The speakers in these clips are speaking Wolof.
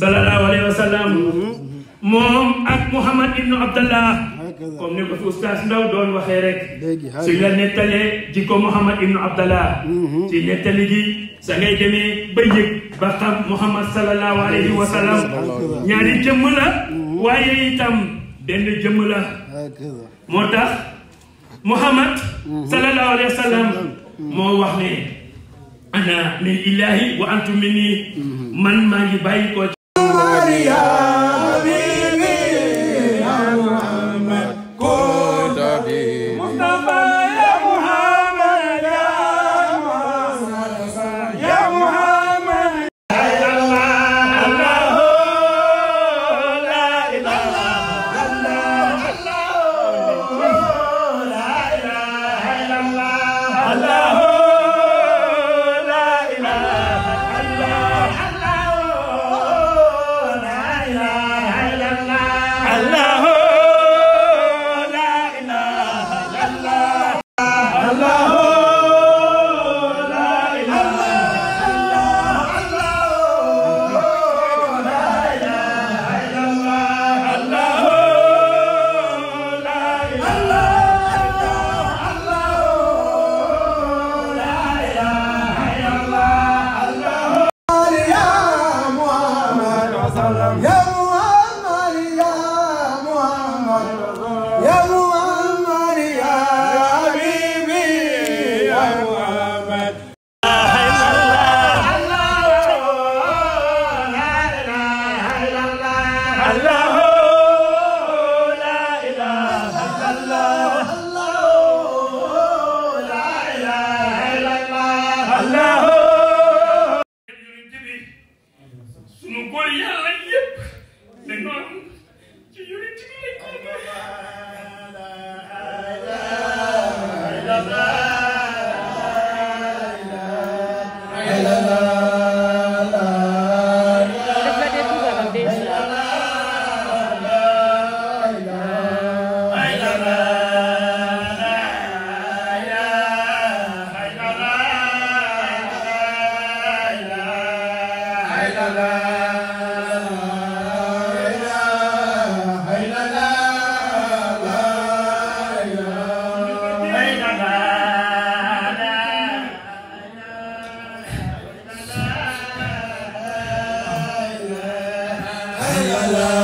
sallallahu alayhi wa sallam mm-hmm. moom ak Muhammad ibnu Abdallah comme ni ko fi oustaz Ndaw doon waxee rek su la nettalee jikko Muhammad ibnu Abdallah mm-hmm. ci nettali gi sa ngay demee ba yëg ba xam Muhammad sallallahu alayhi wa sallam ñaari jëmm la mm-hmm. waaye itam benn jëmm la moo tax Muhammad sallallahu alayhi wa sallam moo wax ne ana min ilahi wa antum minni man maa ngi bàyyi ko la la la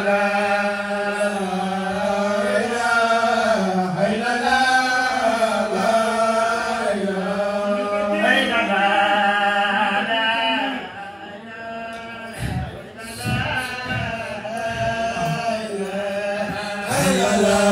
la la